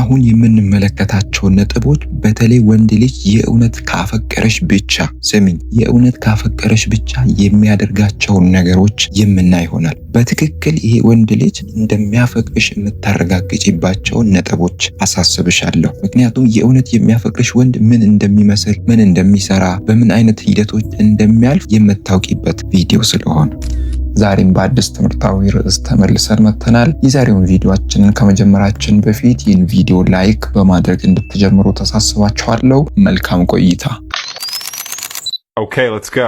አሁን የምንመለከታቸው ነጥቦች በተለይ ወንድ ልጅ የእውነት ካፈቀረሽ ብቻ ስሚኝ፣ የእውነት ካፈቀረሽ ብቻ የሚያደርጋቸውን ነገሮች የምና ይሆናል። በትክክል ይሄ ወንድ ልጅ እንደሚያፈቅርሽ የምታረጋግጪባቸውን ነጥቦች አሳስብሻለሁ። ምክንያቱም የእውነት የሚያፈቅርሽ ወንድ ምን እንደሚመስል፣ ምን እንደሚሰራ፣ በምን አይነት ሂደቶች እንደሚያልፍ የምታውቂበት ቪዲዮ ስለሆነ ዛሬም በአዲስ ትምህርታዊ ርዕስ ተመልሰን መጥተናል። የዛሬውን ቪዲዮችንን ከመጀመራችን በፊት ይህን ቪዲዮ ላይክ በማድረግ እንድትጀምሩ ተሳስባችኋለሁ። መልካም ቆይታ። ኦኬ ሌትስ ጎ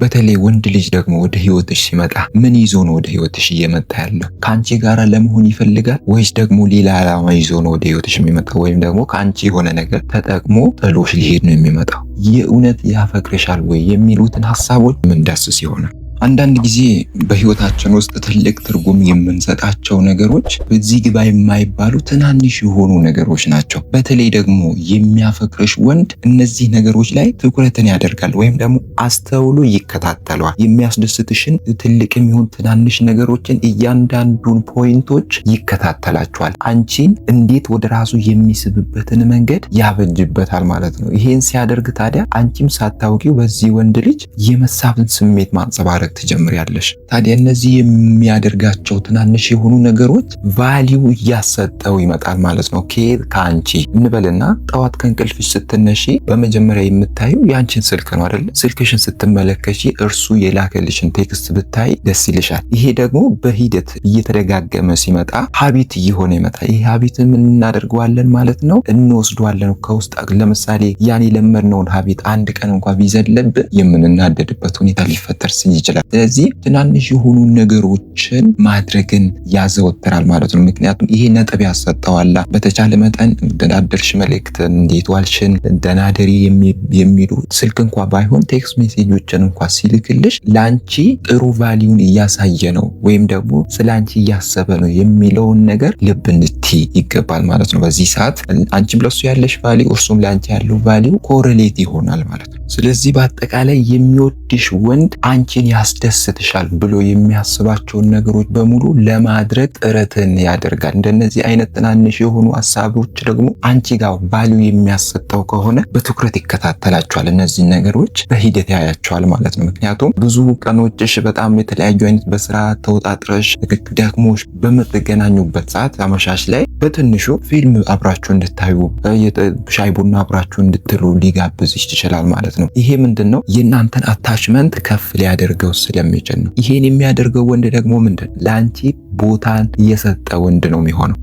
በተለይ ወንድ ልጅ ደግሞ ወደ ህይወትሽ ሲመጣ ምን ይዞ ነው ወደ ህይወትሽ እየመጣ ያለው? ከአንቺ ጋር ለመሆን ይፈልጋል ወይስ ደግሞ ሌላ ዓላማ ይዞ ነው ወደ ህይወትሽ የሚመጣው? ወይም ደግሞ ከአንቺ የሆነ ነገር ተጠቅሞ ጥሎሽ ሊሄድ ነው የሚመጣው? የእውነት ያፈቅርሻል ወይ የሚሉትን ሀሳቦች ምንዳስስ ይሆናል። አንዳንድ ጊዜ በህይወታችን ውስጥ ትልቅ ትርጉም የምንሰጣቸው ነገሮች በዚህ ግባ የማይባሉ ትናንሽ የሆኑ ነገሮች ናቸው። በተለይ ደግሞ የሚያፈቅርሽ ወንድ እነዚህ ነገሮች ላይ ትኩረትን ያደርጋል ወይም ደግሞ አስተውሎ ይከታተሏል። የሚያስደስትሽን ትልቅ የሚሆን ትናንሽ ነገሮችን እያንዳንዱን ፖይንቶች ይከታተላቸዋል። አንቺን እንዴት ወደ ራሱ የሚስብበትን መንገድ ያበጅበታል ማለት ነው። ይሄን ሲያደርግ ታዲያ አንቺም ሳታውቂው በዚህ ወንድ ልጅ የመሳብን ስሜት ማንጸባረቅ ትጀምሪያለሽ። ታዲያ እነዚህ የሚያደርጋቸው ትናንሽ የሆኑ ነገሮች ቫሊዩ እያሰጠው ይመጣል ማለት ነው። ከየት ከአንቺ እንበልና ጠዋት ከእንቅልፍሽ ስትነሺ በመጀመሪያ የምታዩ የአንቺን ስልክ ነው አይደለ? ስልክሽን ስትመለከሺ እርሱ የላከልሽን ቴክስት ብታይ ደስ ይልሻል። ይሄ ደግሞ በሂደት እየተደጋገመ ሲመጣ ሀቢት እየሆነ ይመጣል። ይሄ ሀቢት ምን እናደርገዋለን ማለት ነው? እንወስደዋለን ከውስጥ ለምሳሌ ያን የለመድነውን ሀቢት አንድ ቀን እንኳ ቢዘለብን የምንናደድበት ሁኔታ ሊፈጠር ይችላል። ይላል። ስለዚህ ትናንሽ የሆኑ ነገሮችን ማድረግን ያዘወትራል ማለት ነው። ምክንያቱም ይሄ ነጥብ ያሰጠዋላ። በተቻለ መጠን እንደናደርሽ መልእክት፣ እንዴት ዋልሽን፣ ደናደሪ የሚሉ ስልክ እንኳ ባይሆን ቴክስት ሜሴጆችን እንኳ ሲልክልሽ ለአንቺ ጥሩ ቫሊዩን እያሳየ ነው ወይም ደግሞ ስለ አንቺ እያሰበ ነው የሚለውን ነገር ልብ እንድትይ ይገባል ማለት ነው። በዚህ ሰዓት አንቺም ለሱ ያለሽ ቫሊዩ እርሱም ለአንቺ ያለው ቫሊዩ ኮረሌት ይሆናል ማለት ነው። ስለዚህ በአጠቃላይ የሚወድሽ ወንድ አንቺን ያ ያስደስትሻል ብሎ የሚያስባቸውን ነገሮች በሙሉ ለማድረግ ጥረትን ያደርጋል። እንደነዚህ አይነት ትናንሽ የሆኑ ሀሳቦች ደግሞ አንቺ ጋር ቫሊዩ የሚያሰጠው ከሆነ በትኩረት ይከታተላቸዋል። እነዚህ ነገሮች በሂደት ያያቸዋል ማለት ነው። ምክንያቱም ብዙ ቀኖችሽ በጣም የተለያዩ አይነት በስራ ተወጣጥረሽ ደክሞሽ በምትገናኙበት ሰዓት አመሻሽ ላይ በትንሹ ፊልም አብራችሁ እንድታዩ ሻይ ቡና አብራችሁ እንድትሉ ሊጋብዝ ይችላል ማለት ነው። ይሄ ምንድን ነው የእናንተን አታችመንት ከፍ ሊያደርገው ሊወስድ ስለሚችል ነው። ይሄን የሚያደርገው ወንድ ደግሞ ምንድን ለአንቺ ቦታን እየሰጠ ወንድ ነው የሚሆነው።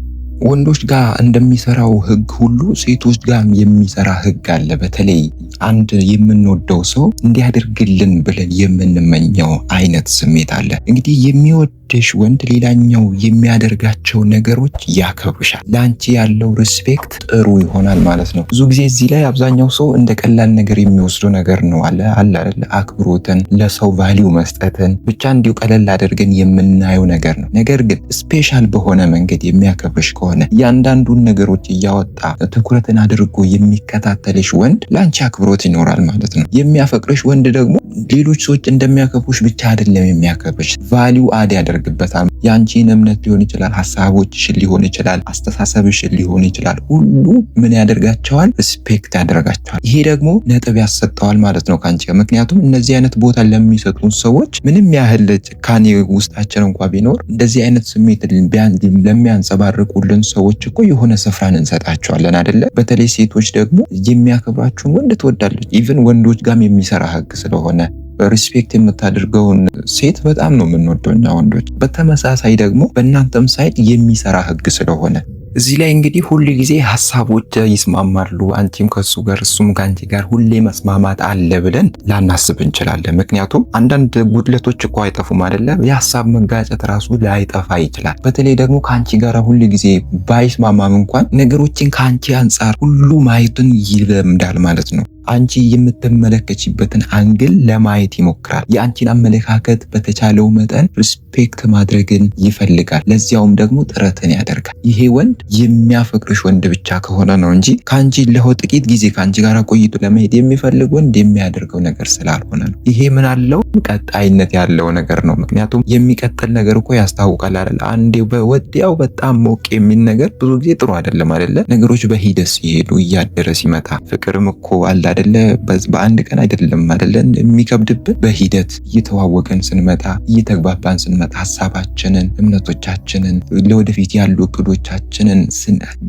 ወንዶች ጋር እንደሚሰራው ህግ ሁሉ ሴቶች ጋር የሚሰራ ህግ አለ። በተለይ አንድ የምንወደው ሰው እንዲያደርግልን ብለን የምንመኘው አይነት ስሜት አለ። እንግዲህ የሚወድሽ ወንድ ሌላኛው የሚያደርጋቸው ነገሮች ያከብርሻል። ለአንቺ ያለው ሪስፔክት ጥሩ ይሆናል ማለት ነው። ብዙ ጊዜ እዚህ ላይ አብዛኛው ሰው እንደ ቀላል ነገር የሚወስዱ ነገር ነው አለ አለ አክብሮትን፣ ለሰው ቫሊዩ መስጠትን ብቻ እንዲሁ ቀለል አድርገን የምናየው ነገር ነው። ነገር ግን ስፔሻል በሆነ መንገድ የሚያከብርሽ ከሆነ ከሆነ እያንዳንዱን ነገሮች እያወጣ ትኩረትን አድርጎ የሚከታተልሽ ወንድ ለአንቺ አክብሮት ይኖራል ማለት ነው። የሚያፈቅርሽ ወንድ ደግሞ ሌሎች ሰዎች እንደሚያከብሩሽ ብቻ አይደለም የሚያከብርሽ፣ ቫሊዩ አድ ያደርግበታል። የአንቺን እምነት ሊሆን ይችላል፣ ሀሳቦችሽን ሊሆን ይችላል፣ አስተሳሰብሽን ሊሆን ይችላል። ሁሉ ምን ያደርጋቸዋል? ሪስፔክት ያደርጋቸዋል። ይሄ ደግሞ ነጥብ ያሰጠዋል ማለት ነው ከአንቺ ጋር። ምክንያቱም እነዚህ አይነት ቦታ ለሚሰጡን ሰዎች ምንም ያህል ጭካኔ ውስጣችን እንኳ ቢኖር እንደዚህ አይነት ስሜት ለሚያንጸባርቁልን ሰዎች እኮ የሆነ ስፍራን እንሰጣቸዋለን አይደለ? በተለይ ሴቶች ደግሞ የሚያከብራችሁን ወንድ ትወዳለች። ኢቨን ወንዶች ጋም የሚሰራ ህግ ስለሆነ ሪስፔክት የምታደርገውን ሴት በጣም ነው የምንወደው እኛ ወንዶች። በተመሳሳይ ደግሞ በእናንተም ሳይድ የሚሰራ ህግ ስለሆነ እዚህ ላይ እንግዲህ ሁል ጊዜ ሀሳቦች ይስማማሉ። አንቺም ከሱ ጋር እሱም ከአንቺ ጋር ሁሌ መስማማት አለ ብለን ላናስብ እንችላለን። ምክንያቱም አንዳንድ ጉድለቶች እኮ አይጠፉም አይደለ? የሀሳብ መጋጨት ራሱ ላይጠፋ ይችላል። በተለይ ደግሞ ከአንቺ ጋር ሁል ጊዜ ባይስማማም እንኳን ነገሮችን ከአንቺ አንጻር ሁሉ ማየቱን ይለምዳል ማለት ነው። አንቺ የምትመለከችበትን አንግል ለማየት ይሞክራል። የአንቺን አመለካከት በተቻለው መጠን ሪስፔክት ማድረግን ይፈልጋል። ለዚያውም ደግሞ ጥረትን ያደርጋል። ይሄ ወንድ የሚያፈቅርሽ ወንድ ብቻ ከሆነ ነው እንጂ ከአንቺ ለሆ ጥቂት ጊዜ ከአንቺ ጋር ቆይቶ ለመሄድ የሚፈልግ ወንድ የሚያደርገው ነገር ስላልሆነ ነው። ይሄ ምን አለው ቀጣይነት ያለው ነገር ነው። ምክንያቱም የሚቀጥል ነገር እኮ ያስታውቃል አይደል? አንዴ በወዲያው በጣም ሞቅ የሚል ነገር ብዙ ጊዜ ጥሩ አይደለም አይደለ? ነገሮች በሂደት ሲሄዱ እያደረ ሲመጣ ፍቅርም እኮ አላ አይደለ በአንድ ቀን አይደለም አይደለ የሚከብድብን በሂደት እየተዋወቅን ስንመጣ እየተግባባን ስንመጣ ሀሳባችንን እምነቶቻችንን ለወደፊት ያሉ እቅዶቻችንን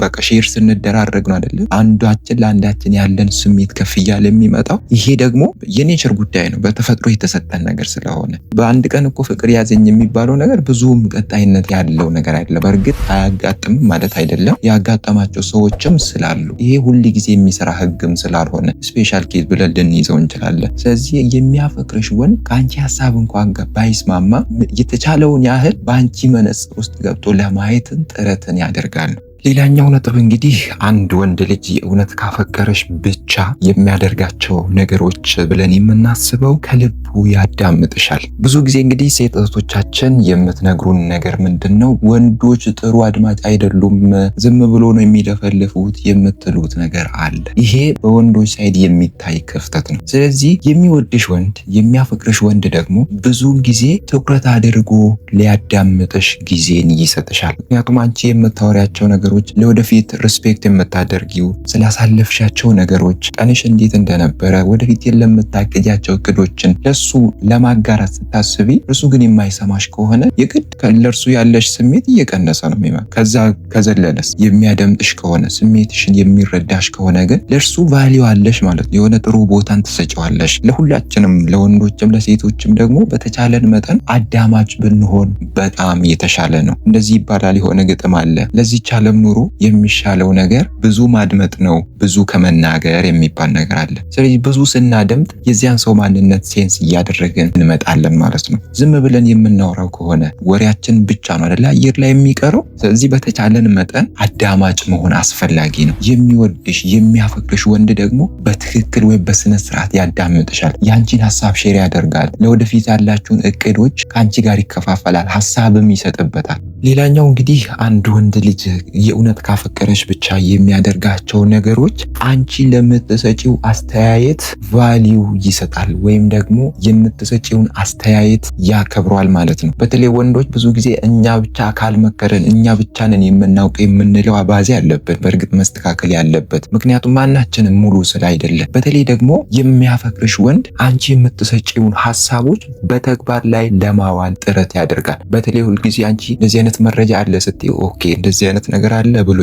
በቃ ሼር ስንደራረግ ነው አይደለም አንዳችን ለአንዳችን ያለን ስሜት ከፍ እያለ የሚመጣው ይሄ ደግሞ የኔቸር ጉዳይ ነው በተፈጥሮ የተሰጠን ነገር ስለሆነ በአንድ ቀን እኮ ፍቅር ያዘኝ የሚባለው ነገር ብዙም ቀጣይነት ያለው ነገር አይደለም በእርግጥ አያጋጥምም ማለት አይደለም ያጋጠማቸው ሰዎችም ስላሉ ይሄ ሁል ጊዜ የሚሰራ ህግም ስላልሆነ ስፔሻል ኬዝ ብለን ልንይዘው እንችላለን። ስለዚህ የሚያፈቅርሽ ወንድ ከአንቺ ሀሳብ እንኳን ባይስማማ የተቻለውን ያህል በአንቺ መነጽር ውስጥ ገብቶ ለማየትን ጥረትን ያደርጋል። ሌላኛው ነጥብ እንግዲህ አንድ ወንድ ልጅ የእውነት ካፈቀረሽ ብቻ የሚያደርጋቸው ነገሮች ብለን የምናስበው ከልቡ ያዳምጥሻል። ብዙ ጊዜ እንግዲህ ሴት እህቶቻችን የምትነግሩን ነገር ምንድን ነው? ወንዶች ጥሩ አድማጭ አይደሉም፣ ዝም ብሎ ነው የሚለፈልፉት የምትሉት ነገር አለ። ይሄ በወንዶች ሳይድ የሚታይ ክፍተት ነው። ስለዚህ የሚወድሽ ወንድ የሚያፈቅርሽ ወንድ ደግሞ ብዙ ጊዜ ትኩረት አድርጎ ሊያዳምጥሽ ጊዜን ይሰጥሻል። ምክንያቱም አንቺ የምታወሪያቸው ነገ ነገሮች ለወደፊት ሪስፔክት የምታደርጊው ስላሳለፍሻቸው ነገሮች ቀንሽ እንዴት እንደነበረ ወደፊት ለምታቅጃቸው እቅዶችን ለሱ ለማጋራት ስታስቢ እርሱ ግን የማይሰማሽ ከሆነ የግድ ለእርሱ ያለሽ ስሜት እየቀነሰ ነው ሚመ ከዛ ከዘለለስ የሚያደምጥሽ ከሆነ ስሜትሽን የሚረዳሽ ከሆነ ግን ለእርሱ ቫሊዩ አለሽ ማለት ነው። የሆነ ጥሩ ቦታን ትሰጨዋለሽ። ለሁላችንም ለወንዶችም ለሴቶችም ደግሞ በተቻለን መጠን አዳማጭ ብንሆን በጣም የተሻለ ነው። እንደዚህ ይባላል። የሆነ ግጥም አለ ለዚች ዓለም ኑሮ የሚሻለው ነገር ብዙ ማድመጥ ነው ብዙ ከመናገር የሚባል ነገር አለ። ስለዚህ ብዙ ስናደምጥ የዚያን ሰው ማንነት ሴንስ እያደረግን እንመጣለን ማለት ነው። ዝም ብለን የምናወራው ከሆነ ወሬያችን ብቻ ነው አደለ አየር ላይ የሚቀረው። ስለዚህ በተቻለን መጠን አዳማጭ መሆን አስፈላጊ ነው። የሚወድሽ የሚያፈቅርሽ ወንድ ደግሞ በትክክል ወይም በስነ ስርዓት ያዳምጥሻል። የአንቺን ሀሳብ ሼር ያደርጋል። ለወደፊት ያላችሁን እቅዶች ከአንቺ ጋር ይከፋፈላል፣ ሀሳብም ይሰጥበታል። ሌላኛው እንግዲህ አንድ ወንድ ልጅ የእውነት ካፈቀረች ብቻ የሚያደርጋቸው ነገሮች አንቺ ለምትሰጪው አስተያየት ቫሊዩ ይሰጣል ወይም ደግሞ የምትሰጪውን አስተያየት ያከብሯል ማለት ነው። በተለይ ወንዶች ብዙ ጊዜ እኛ ብቻ ካልመከረን እኛ ብቻ ነን የምናውቅ የምንለው አባዜ አለበት፣ በእርግጥ መስተካከል ያለበት ምክንያቱም ማናችንም ሙሉ ስለ አይደለም። በተለይ ደግሞ የሚያፈቅርሽ ወንድ አንቺ የምትሰጪውን ሀሳቦች በተግባር ላይ ለማዋል ጥረት ያደርጋል። በተለይ ሁልጊዜ አንቺ እንደዚህ አይነት አይነት መረጃ አለ ስትይ፣ ኦኬ እንደዚህ አይነት ነገር አለ ብሎ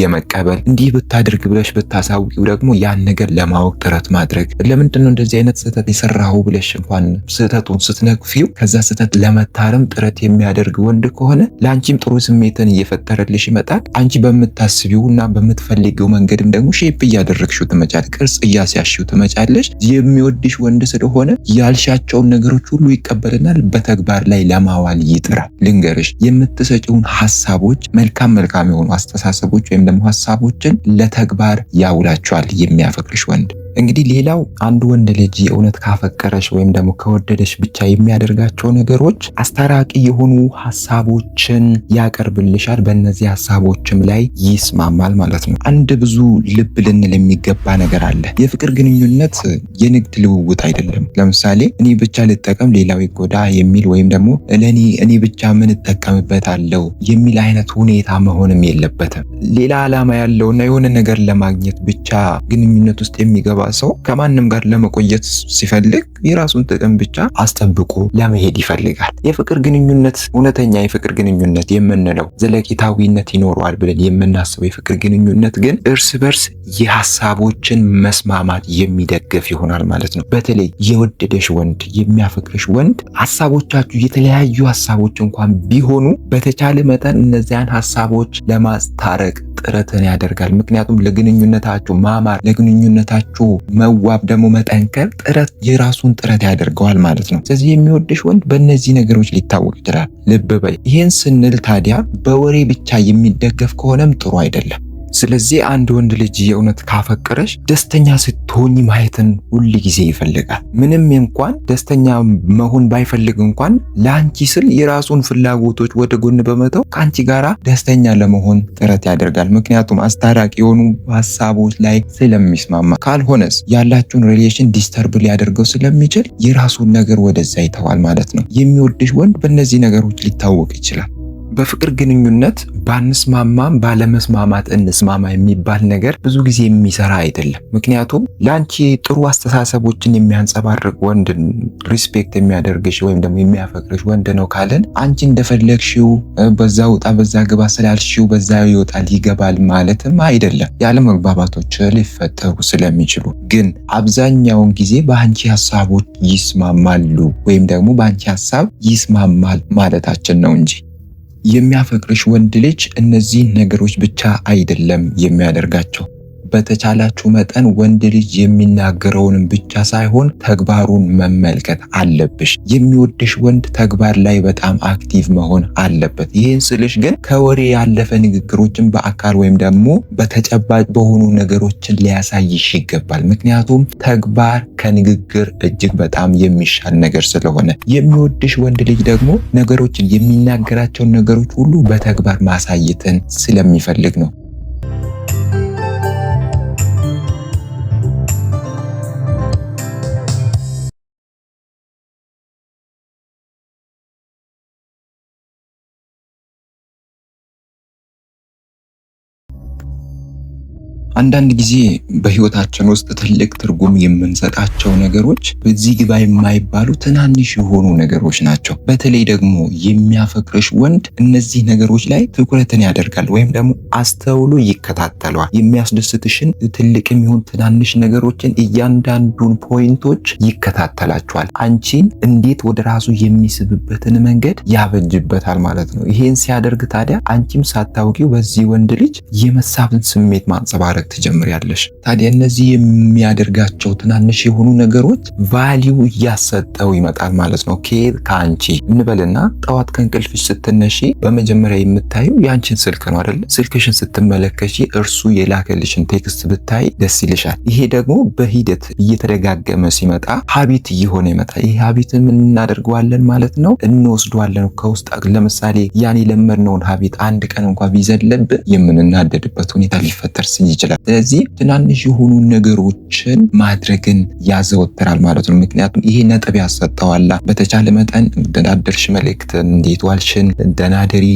የመቀበል እንዲህ ብታድርግ ብለሽ ብታሳውቂው ደግሞ ያን ነገር ለማወቅ ጥረት ማድረግ ለምንድን እንደዚህ አይነት ስህተት የሰራሁ ብለሽ እንኳን ስህተቱን ስትነግፊው ከዛ ስህተት ለመታረም ጥረት የሚያደርግ ወንድ ከሆነ ለአንቺም ጥሩ ስሜትን እየፈጠረልሽ ይመጣል። አንቺ በምታስቢው እና በምትፈልጊው መንገድም ደግሞ ሼፕ እያደረግሽው ትመጫለሽ፣ ቅርጽ እያስያሽው ትመጫለሽ። የሚወድሽ ወንድ ስለሆነ ያልሻቸውን ነገሮች ሁሉ ይቀበልናል። በተግባር ላይ ለማዋል ይጥራል። ልንገርሽ የምትስ ሰጪውን ሀሳቦች መልካም መልካም የሆኑ አስተሳሰቦች ወይም ደግሞ ሀሳቦችን ለተግባር ያውላቸዋል የሚያፈቅርሽ ወንድ እንግዲህ ሌላው አንድ ወንድ ልጅ የእውነት ካፈቀረሽ ወይም ደግሞ ከወደደሽ ብቻ የሚያደርጋቸው ነገሮች አስታራቂ የሆኑ ሀሳቦችን ያቀርብልሻል። በእነዚህ ሀሳቦችም ላይ ይስማማል ማለት ነው። አንድ ብዙ ልብ ልንል የሚገባ ነገር አለ። የፍቅር ግንኙነት የንግድ ልውውጥ አይደለም። ለምሳሌ እኔ ብቻ ልጠቀም፣ ሌላው ይጎዳ የሚል ወይም ደግሞ ለእኔ እኔ ብቻ ምን አለው የሚል አይነት ሁኔታ መሆንም የለበትም። ሌላ ዓላማ ያለውና የሆነ ነገር ለማግኘት ብቻ ግንኙነት ውስጥ የሚገባ ሰው ከማንም ጋር ለመቆየት ሲፈልግ የራሱን ጥቅም ብቻ አስጠብቆ ለመሄድ ይፈልጋል። የፍቅር ግንኙነት እውነተኛ የፍቅር ግንኙነት የምንለው ዘለቂታዊነት ይኖረዋል ብለን የምናስበው የፍቅር ግንኙነት ግን እርስ በርስ የሀሳቦችን መስማማት የሚደግፍ ይሆናል ማለት ነው። በተለይ የወደደሽ ወንድ የሚያፈቅርሽ ወንድ ሀሳቦቻችሁ የተለያዩ ሀሳቦች እንኳን ቢሆኑ በተቻለ መጠን እነዚያን ሀሳቦች ለማስታረቅ ጥረትን ያደርጋል። ምክንያቱም ለግንኙነታችሁ ማማር፣ ለግንኙነታችሁ መዋብ ደግሞ መጠንከር ጥረት የራሱን ጥረት ያደርገዋል ማለት ነው። ስለዚህ የሚወድሽ ወንድ በእነዚህ ነገሮች ሊታወቅ ይችላል። ልብ በይ። ይህን ስንል ታዲያ በወሬ ብቻ የሚደገፍ ከሆነም ጥሩ አይደለም። ስለዚህ አንድ ወንድ ልጅ የእውነት ካፈቀረሽ ደስተኛ ስትሆኝ ማየትን ሁል ጊዜ ይፈልጋል። ምንም እንኳን ደስተኛ መሆን ባይፈልግ እንኳን ለአንቺ ስል የራሱን ፍላጎቶች ወደ ጎን በመተው ከአንቺ ጋር ደስተኛ ለመሆን ጥረት ያደርጋል። ምክንያቱም አስታራቂ የሆኑ ሀሳቦች ላይ ስለሚስማማ፣ ካልሆነስ ያላችሁን ሪሌሽን ዲስተርብ ሊያደርገው ስለሚችል የራሱን ነገር ወደዛ ይተዋል ማለት ነው። የሚወድሽ ወንድ በእነዚህ ነገሮች ሊታወቅ ይችላል። በፍቅር ግንኙነት ባንስማማም ባለመስማማት እንስማማ የሚባል ነገር ብዙ ጊዜ የሚሰራ አይደለም። ምክንያቱም ለአንቺ ጥሩ አስተሳሰቦችን የሚያንጸባርቅ ወንድ ሪስፔክት የሚያደርግሽ ወይም ደግሞ የሚያፈቅርሽ ወንድ ነው ካለን አንቺ እንደፈለግሽው በዛ ውጣ በዛ ግባ ስላልሽው በዛ ይወጣል ይገባል ማለትም አይደለም። ያለመግባባቶች ሊፈጠሩ ስለሚችሉ ግን አብዛኛውን ጊዜ በአንቺ ሀሳቦች ይስማማሉ ወይም ደግሞ በአንቺ ሀሳብ ይስማማል ማለታችን ነው እንጂ የሚያፈቅርሽ ወንድ ልጅ እነዚህን ነገሮች ብቻ አይደለም የሚያደርጋቸው በተቻላችሁ መጠን ወንድ ልጅ የሚናገረውንም ብቻ ሳይሆን ተግባሩን መመልከት አለብሽ። የሚወድሽ ወንድ ተግባር ላይ በጣም አክቲቭ መሆን አለበት። ይህን ስልሽ ግን ከወሬ ያለፈ ንግግሮችን በአካል ወይም ደግሞ በተጨባጭ በሆኑ ነገሮችን ሊያሳይሽ ይገባል። ምክንያቱም ተግባር ከንግግር እጅግ በጣም የሚሻል ነገር ስለሆነ የሚወድሽ ወንድ ልጅ ደግሞ ነገሮችን የሚናገራቸውን ነገሮች ሁሉ በተግባር ማሳየትን ስለሚፈልግ ነው። አንዳንድ ጊዜ በህይወታችን ውስጥ ትልቅ ትርጉም የምንሰጣቸው ነገሮች በዚህ ግባ የማይባሉ ትናንሽ የሆኑ ነገሮች ናቸው። በተለይ ደግሞ የሚያፈቅርሽ ወንድ እነዚህ ነገሮች ላይ ትኩረትን ያደርጋል ወይም ደግሞ አስተውሎ ይከታተለዋል። የሚያስደስትሽን ትልቅ የሚሆን ትናንሽ ነገሮችን እያንዳንዱን ፖይንቶች ይከታተላቸዋል። አንቺን እንዴት ወደ ራሱ የሚስብበትን መንገድ ያበጅበታል ማለት ነው። ይሄን ሲያደርግ ታዲያ አንቺም ሳታውቂው በዚህ ወንድ ልጅ የመሳብን ስሜት ማንጸባረቅ ትጀምሪያለሽ። ታዲያ እነዚህ የሚያደርጋቸው ትናንሽ የሆኑ ነገሮች ቫሊዩ እያሰጠው ይመጣል ማለት ነው። ከየት ከአንቺ እንበልና ጠዋት ከእንቅልፍሽ ስትነሺ በመጀመሪያ የምታዩ የአንቺን ስልክ ነው አይደለ? ስልክሽን ስትመለከሺ እርሱ የላከልሽን ቴክስት ብታይ ደስ ይልሻል። ይሄ ደግሞ በሂደት እየተደጋገመ ሲመጣ ሀቢት እየሆነ ይመጣል። ይሄ ሀቢት ምን እናደርገዋለን ማለት ነው? እንወስዷለን ከውስጥ ለምሳሌ ያን የለመድነውን ሀቢት አንድ ቀን እንኳ ቢዘለብን የምንናደድበት ሁኔታ ሊፈጠር ይችላል። ስለዚህ ትናንሽ የሆኑ ነገሮችን ማድረግን ያዘወትራል ማለት ነው። ምክንያቱም ይሄ ነጥብ ያሰጠዋላ። በተቻለ መጠን እንደናደርሽ መልእክት፣ እንዴት ዋልሽን፣ ደናደሪ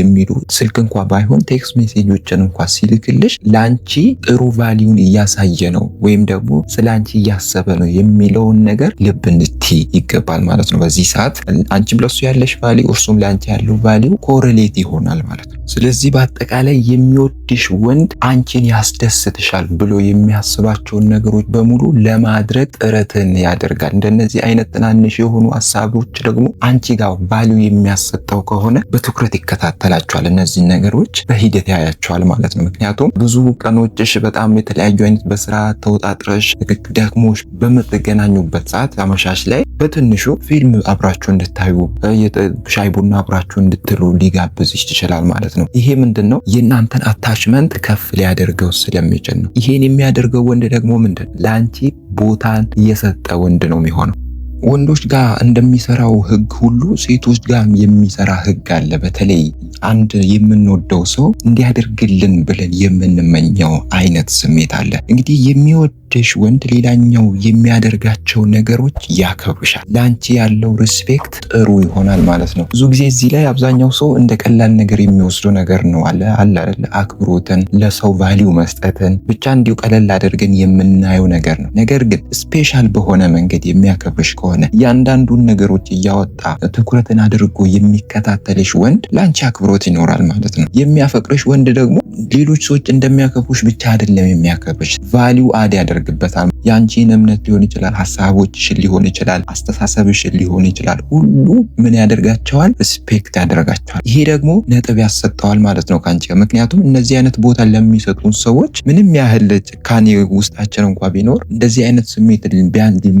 የሚሉ ስልክ እንኳ ባይሆን ቴክስት ሜሴጆችን እንኳ ሲልክልሽ ለአንቺ ጥሩ ቫሊዩን እያሳየ ነው ወይም ደግሞ ስለ አንቺ እያሰበ ነው የሚለውን ነገር ልብ እንድትይ ይገባል ማለት ነው። በዚህ ሰዓት አንቺም ለሱ ያለሽ ቫሊዩ እርሱም ለአንቺ ያለው ቫሊዩ ኮረሌት ይሆናል ማለት ነው። ስለዚህ በአጠቃላይ የሚወድሽ ወንድ አንቺን ያስደስትሻል ብሎ የሚያስባቸውን ነገሮች በሙሉ ለማድረግ ጥረትን ያደርጋል። እንደነዚህ አይነት ትናንሽ የሆኑ ሀሳቦች ደግሞ አንቺ ጋር ባሉ የሚያሰጠው ከሆነ በትኩረት ይከታተላቸዋል። እነዚህ ነገሮች በሂደት ያያቸዋል ማለት ነው። ምክንያቱም ብዙ ቀኖችሽ በጣም የተለያዩ አይነት በስራ ተወጣጥረሽ ደክሞሽ በምትገናኙበት ሰዓት አመሻሽ ላይ በትንሹ ፊልም አብራችሁ እንድታዩ፣ ሻይ ቡና አብራችሁ እንድትሉ ሊጋብዝሽ ይችላል ማለት ነው። ነው። ይሄ ምንድን ነው? የእናንተን አታችመንት ከፍ ሊያደርገው ስለሚችል ነው። ይሄን የሚያደርገው ወንድ ደግሞ ምንድን ነው? ለአንቺ ቦታን እየሰጠ ወንድ ነው የሚሆነው። ወንዶች ጋር እንደሚሰራው ህግ ሁሉ ሴቶች ጋር የሚሰራ ህግ አለ። በተለይ አንድ የምንወደው ሰው እንዲያደርግልን ብለን የምንመኘው አይነት ስሜት አለ። እንግዲህ የሚወድ የሚወድሽ ወንድ ሌላኛው የሚያደርጋቸው ነገሮች ያከብርሻል ለአንቺ ያለው ሪስፔክት ጥሩ ይሆናል ማለት ነው። ብዙ ጊዜ እዚህ ላይ አብዛኛው ሰው እንደ ቀላል ነገር የሚወስዱ ነገር ነው አለ አለ አይደለ? አክብሮትን፣ ለሰው ቫሊዩ መስጠትን ብቻ እንዲሁ ቀለል አድርገን የምናየው ነገር ነው። ነገር ግን ስፔሻል በሆነ መንገድ የሚያከብርሽ ከሆነ እያንዳንዱን ነገሮች እያወጣ ትኩረትን አድርጎ የሚከታተልሽ ወንድ ለአንቺ አክብሮት ይኖራል ማለት ነው። የሚያፈቅርሽ ወንድ ደግሞ ሌሎች ሰዎች እንደሚያከብሩሽ ብቻ አይደለም የሚያከብርሽ ቫሊዩ አድ ያደርግ ያደርግበታል። የአንቺን እምነት ሊሆን ይችላል፣ ሀሳቦችሽን ሊሆን ይችላል፣ አስተሳሰብሽን ሊሆን ይችላል። ሁሉ ምን ያደርጋቸዋል? ሪስፔክት ያደርጋቸዋል። ይሄ ደግሞ ነጥብ ያሰጠዋል ማለት ነው ከአንቺ ጋር። ምክንያቱም እነዚህ አይነት ቦታ ለሚሰጡን ሰዎች ምንም ያህል ጭካኔ ውስጣችን እንኳ ቢኖር እንደዚህ አይነት ስሜት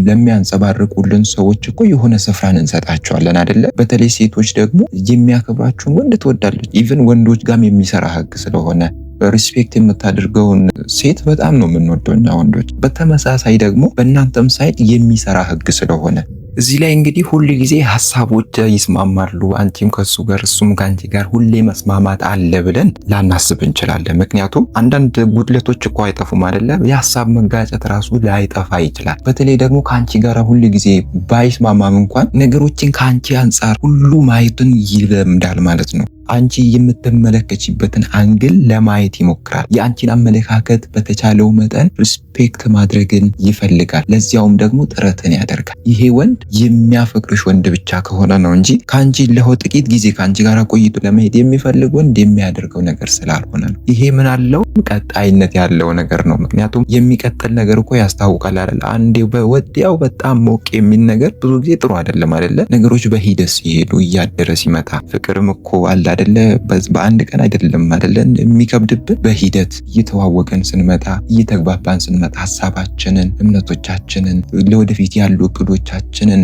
ለሚያንጸባርቁልን ሰዎች እኮ የሆነ ስፍራን እንሰጣቸዋለን አይደለ? በተለይ ሴቶች ደግሞ የሚያከብራችሁን ወንድ ትወዳለች። ኢቨን ወንዶች ጋም የሚሰራ ህግ ስለሆነ ሪስፔክት የምታደርገውን ሴት በጣም ነው የምንወደው እኛ ወንዶች። በተመሳሳይ ደግሞ በእናንተም ሳይድ የሚሰራ ህግ ስለሆነ እዚህ ላይ እንግዲህ ሁል ጊዜ ሀሳቦች ይስማማሉ። አንቺም ከሱ ጋር እሱም ከአንቺ ጋር ሁሌ መስማማት አለ ብለን ላናስብ እንችላለን። ምክንያቱም አንዳንድ ጉድለቶች እኮ አይጠፉም አይደለ? የሀሳብ መጋጨት ራሱ ላይጠፋ ይችላል። በተለይ ደግሞ ከአንቺ ጋር ሁል ጊዜ ባይስማማም እንኳን ነገሮችን ከአንቺ አንጻር ሁሉ ማየትን ይለምዳል ማለት ነው። አንቺ የምትመለከችበትን አንግል ለማየት ይሞክራል። የአንቺን አመለካከት በተቻለው መጠን ሪስፔክት ማድረግን ይፈልጋል። ለዚያውም ደግሞ ጥረትን ያደርጋል። ይሄ ወንድ የሚያፈቅርሽ ወንድ ብቻ ከሆነ ነው እንጂ ከአንቺ ለሆ ጥቂት ጊዜ ከአንቺ ጋር ቆይቶ ለመሄድ የሚፈልግ ወንድ የሚያደርገው ነገር ስላልሆነ ነው። ይሄ ምን አለው ቀጣይነት ያለው ነገር ነው። ምክንያቱም የሚቀጥል ነገር እኮ ያስታውቃል አይደል? አንዴ በወዲያው በጣም ሞቅ የሚል ነገር ብዙ ጊዜ ጥሩ አይደለም አይደለ? ነገሮች በሂደት ሲሄዱ እያደረ ሲመጣ ፍቅርም እኮ አላ አደለ በአንድ ቀን አይደለም አደለ የሚከብድብን በሂደት እየተዋወቀን ስንመጣ እየተግባባን ስንመጣ ሀሳባችንን፣ እምነቶቻችንን፣ ለወደፊት ያሉ እቅዶቻችንን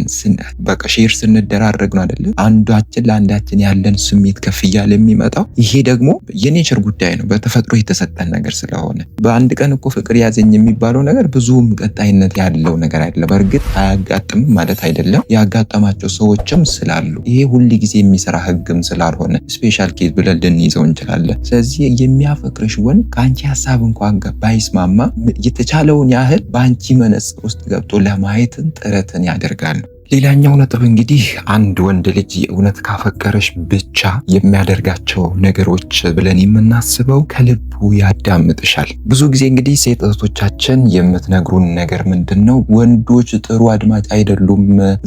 በቃ ሼር ስንደራረግ ነው አደለ አንዳችን ለአንዳችን ያለን ስሜት ከፍ እያለ የሚመጣው። ይሄ ደግሞ የኔቸር ጉዳይ ነው፣ በተፈጥሮ የተሰጠን ነገር ስለሆነ በአንድ ቀን እኮ ፍቅር ያዘኝ የሚባለው ነገር ብዙም ቀጣይነት ያለው ነገር አይደለም። በእርግጥ አያጋጥምም ማለት አይደለም፣ ያጋጠማቸው ሰዎችም ስላሉ ይሄ ሁል ጊዜ የሚሰራ ህግም ስላልሆነ ስፔሻል ኬዝ ብለን ልንይዘው እንችላለን። ስለዚህ የሚያፈቅርሽ ወንድ ከአንቺ ሀሳብ እንኳን ጋር ባይስማማ የተቻለውን ያህል በአንቺ መነጽር ውስጥ ገብቶ ለማየትን ጥረትን ያደርጋል ሌላኛው ነጥብ እንግዲህ አንድ ወንድ ልጅ የእውነት ካፈቀረሽ ብቻ የሚያደርጋቸው ነገሮች ብለን የምናስበው ከልቡ ያዳምጥሻል። ብዙ ጊዜ እንግዲህ ሴት እህቶቻችን የምትነግሩን ነገር ምንድን ነው? ወንዶች ጥሩ አድማጭ አይደሉም፣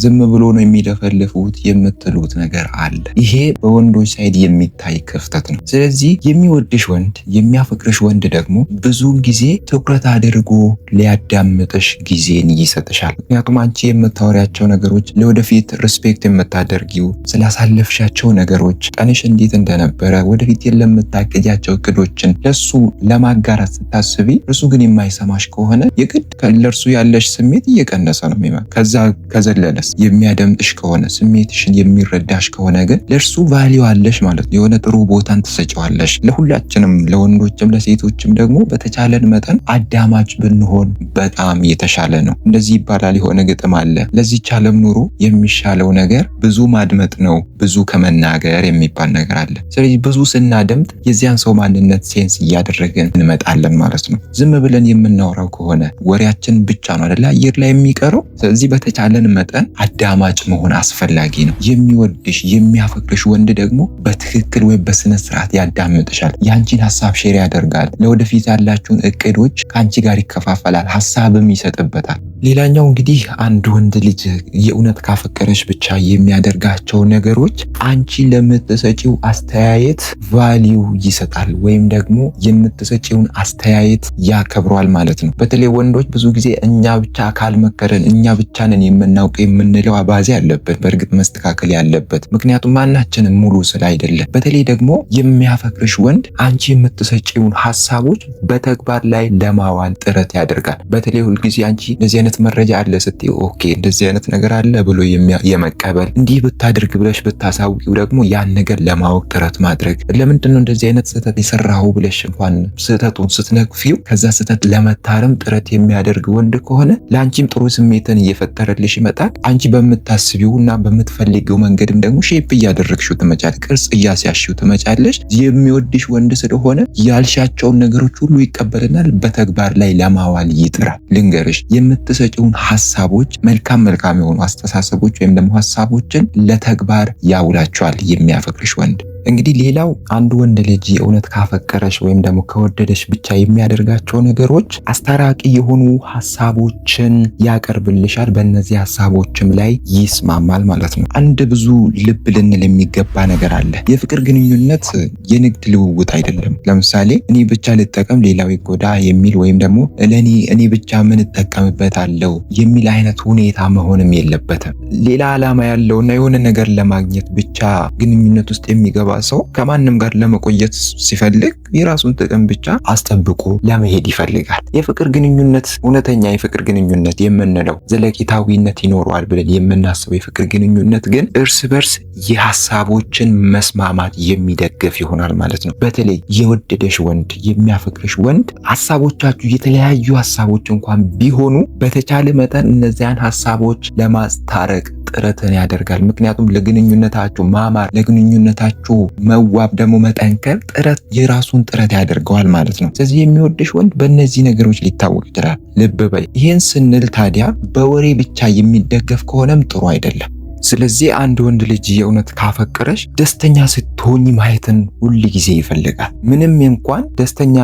ዝም ብሎ ነው የሚለፈልፉት የምትሉት ነገር አለ። ይሄ በወንዶች ሳይድ የሚታይ ክፍተት ነው። ስለዚህ የሚወድሽ ወንድ የሚያፈቅርሽ ወንድ ደግሞ ብዙ ጊዜ ትኩረት አድርጎ ሊያዳምጥሽ ጊዜን ይሰጥሻል። ምክንያቱም አንቺ የምታወሪያቸው ነገሮች ነገሮች፣ ለወደፊት ሪስፔክት የምታደርጊው ስላሳለፍሻቸው ነገሮች፣ ቀንሽ እንዴት እንደነበረ፣ ወደፊት የለምታቅጃቸው እቅዶችን ለሱ ለማጋራት ስታስቢ እርሱ ግን የማይሰማሽ ከሆነ የግድ ለእርሱ ያለሽ ስሜት እየቀነሰ ነው የሚመ ከዛ ከዘለለስ የሚያደምጥሽ ከሆነ ስሜትሽን የሚረዳሽ ከሆነ ግን ለእርሱ ቫሊዩ አለሽ ማለት የሆነ ጥሩ ቦታን ትሰጪዋለሽ። ለሁላችንም ለወንዶችም ለሴቶችም ደግሞ በተቻለን መጠን አዳማጭ ብንሆን በጣም የተሻለ ነው። እንደዚህ ይባላል። የሆነ ግጥም አለ ለዚች ዓለም ጨምሮ የሚሻለው ነገር ብዙ ማድመጥ ነው፣ ብዙ ከመናገር የሚባል ነገር አለ። ስለዚህ ብዙ ስናደምጥ የዚያን ሰው ማንነት ሴንስ እያደረግን እንመጣለን ማለት ነው። ዝም ብለን የምናወራው ከሆነ ወሬያችን ብቻ ነው አደለ አየር ላይ የሚቀረው። ስለዚህ በተቻለን መጠን አዳማጭ መሆን አስፈላጊ ነው። የሚወድሽ የሚያፈቅርሽ ወንድ ደግሞ በትክክል ወይም በስነ ስርዓት ያዳምጥሻል። የአንቺን ሀሳብ ሼር ያደርጋል። ለወደፊት ያላችሁን እቅዶች ከአንቺ ጋር ይከፋፈላል፣ ሀሳብም ይሰጥበታል። ሌላኛው እንግዲህ አንድ ወንድ ልጅ የእውነት ካፈቀረች ብቻ የሚያደርጋቸው ነገሮች አንቺ ለምትሰጪው አስተያየት ቫሊዩ ይሰጣል ወይም ደግሞ የምትሰጪውን አስተያየት ያከብሯል ማለት ነው። በተለይ ወንዶች ብዙ ጊዜ እኛ ብቻ ካልመከረን እኛ ብቻ የምናውቀ የምንለው አባዜ አለበት፣ በእርግጥ መስተካከል ያለበት ምክንያቱም ማናችንም ሙሉ ስለ አይደለም። በተለይ ደግሞ የሚያፈቅርሽ ወንድ አንቺ የምትሰጪውን ሀሳቦች በተግባር ላይ ለማዋል ጥረት ያደርጋል። በተለይ ሁልጊዜ አንቺ እንደዚህ አይነት መረጃ አለ ስትይ ኦኬ እንደዚህ አይነት ነገር አለ ብሎ የመቀበል እንዲህ ብታደርግ ብለሽ ብታሳውቂው ደግሞ ያን ነገር ለማወቅ ጥረት ማድረግ ለምንድን ነው እንደዚህ አይነት ስህተት የሰራው ብለሽ እንኳን ስህተቱን ስትነቅፊው ከዛ ስህተት ለመታረም ጥረት የሚያደርግ ወንድ ከሆነ ለአንቺም ጥሩ ስሜትን እየፈጠረልሽ ይመጣል። አንቺ በምታስቢው እና በምትፈልጊው መንገድም ደግሞ ሼፕ እያደረግሽው ትመጫለሽ፣ ቅርጽ እያስያሽው ትመጫለሽ። የሚወድሽ ወንድ ስለሆነ ያልሻቸውን ነገሮች ሁሉ ይቀበልናል፣ በተግባር ላይ ለማዋል ይጥራል። ልንገርሽ የምትሰጪውን ሀሳቦች መልካም መልካም የሆኑ አስተሳሰቦች ወይም ደግሞ ሀሳቦችን ለተግባር ያውላቸዋል የሚያፈቅርሽ ወንድ እንግዲህ ሌላው አንድ ወንድ ልጅ የእውነት ካፈቀረሽ ወይም ደግሞ ከወደደሽ ብቻ የሚያደርጋቸው ነገሮች አስታራቂ የሆኑ ሀሳቦችን ያቀርብልሻል። በእነዚህ ሀሳቦችም ላይ ይስማማል ማለት ነው። አንድ ብዙ ልብ ልንል የሚገባ ነገር አለ። የፍቅር ግንኙነት የንግድ ልውውጥ አይደለም። ለምሳሌ እኔ ብቻ ልጠቀም፣ ሌላው ይጎዳ የሚል ወይም ደግሞ ለእኔ እኔ ብቻ ምን እጠቀምበት አለው የሚል አይነት ሁኔታ መሆንም የለበትም። ሌላ ዓላማ ያለውና የሆነ ነገር ለማግኘት ብቻ ግንኙነት ውስጥ የሚገባ ሰው ከማንም ጋር ለመቆየት ሲፈልግ የራሱን ጥቅም ብቻ አስጠብቆ ለመሄድ ይፈልጋል። የፍቅር ግንኙነት እውነተኛ የፍቅር ግንኙነት የምንለው ዘለቂታዊነት ይኖረዋል ብለን የምናስበው የፍቅር ግንኙነት ግን እርስ በርስ የሀሳቦችን መስማማት የሚደግፍ ይሆናል ማለት ነው። በተለይ የወደደሽ ወንድ የሚያፈቅርሽ ወንድ ሀሳቦቻችሁ የተለያዩ ሀሳቦች እንኳን ቢሆኑ በተቻለ መጠን እነዚያን ሀሳቦች ለማስታረቅ ጥረትን ያደርጋል። ምክንያቱም ለግንኙነታችሁ ማማር፣ ለግንኙነታችሁ መዋብ ደግሞ መጠንከር ጥረት የራሱን ጥረት ያደርገዋል ማለት ነው። ስለዚህ የሚወድሽ ወንድ በእነዚህ ነገሮች ሊታወቅ ይችላል። ልብ በይ። ይህን ስንል ታዲያ በወሬ ብቻ የሚደገፍ ከሆነም ጥሩ አይደለም። ስለዚህ አንድ ወንድ ልጅ የእውነት ካፈቀረሽ ደስተኛ ስትሆኝ ማየትን ሁል ጊዜ ይፈልጋል። ምንም እንኳን ደስተኛ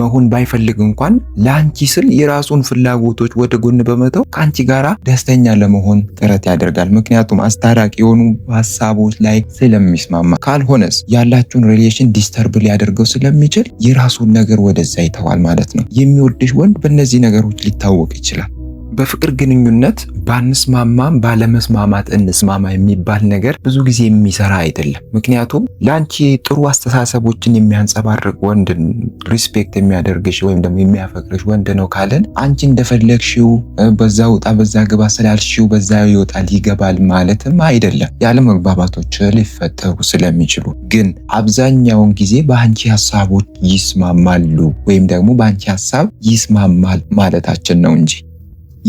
መሆን ባይፈልግ እንኳን ለአንቺ ስል የራሱን ፍላጎቶች ወደ ጎን በመተው ከአንቺ ጋራ ደስተኛ ለመሆን ጥረት ያደርጋል። ምክንያቱም አስታራቂ የሆኑ ሀሳቦች ላይ ስለሚስማማ፣ ካልሆነስ ያላችሁን ሪሌሽን ዲስተርብ ሊያደርገው ስለሚችል የራሱን ነገር ወደዛ ይተዋል ማለት ነው። የሚወድሽ ወንድ በእነዚህ ነገሮች ሊታወቅ ይችላል። በፍቅር ግንኙነት ባንስማማም ባለመስማማት እንስማማ የሚባል ነገር ብዙ ጊዜ የሚሰራ አይደለም። ምክንያቱም ለአንቺ ጥሩ አስተሳሰቦችን የሚያንጸባርቅ ወንድ ሪስፔክት የሚያደርግሽ ወይም ደግሞ የሚያፈቅርሽ ወንድ ነው ካለን አንቺ እንደፈለግሽው በዛ ውጣ በዛ ግባ ስላልሽው በዛ ይወጣል ይገባል ማለትም አይደለም። ያለመግባባቶች ሊፈጠሩ ስለሚችሉ ግን አብዛኛውን ጊዜ በአንቺ ሀሳቦች ይስማማሉ ወይም ደግሞ በአንቺ ሀሳብ ይስማማል ማለታችን ነው እንጂ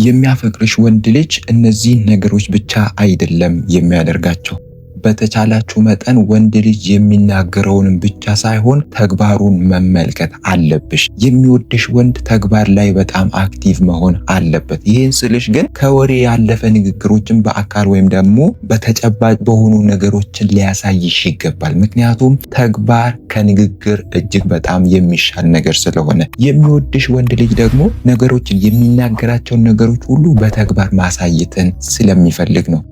የሚያፈቅርሽ ወንድ ልጅ እነዚህን ነገሮች ብቻ አይደለም የሚያደርጋቸው በተቻላችሁ መጠን ወንድ ልጅ የሚናገረውንም ብቻ ሳይሆን ተግባሩን መመልከት አለብሽ። የሚወድሽ ወንድ ተግባር ላይ በጣም አክቲቭ መሆን አለበት። ይህን ስልሽ ግን ከወሬ ያለፈ ንግግሮችን በአካል ወይም ደግሞ በተጨባጭ በሆኑ ነገሮችን ሊያሳይሽ ይገባል። ምክንያቱም ተግባር ከንግግር እጅግ በጣም የሚሻል ነገር ስለሆነ የሚወድሽ ወንድ ልጅ ደግሞ ነገሮችን የሚናገራቸውን ነገሮች ሁሉ በተግባር ማሳየትን ስለሚፈልግ ነው።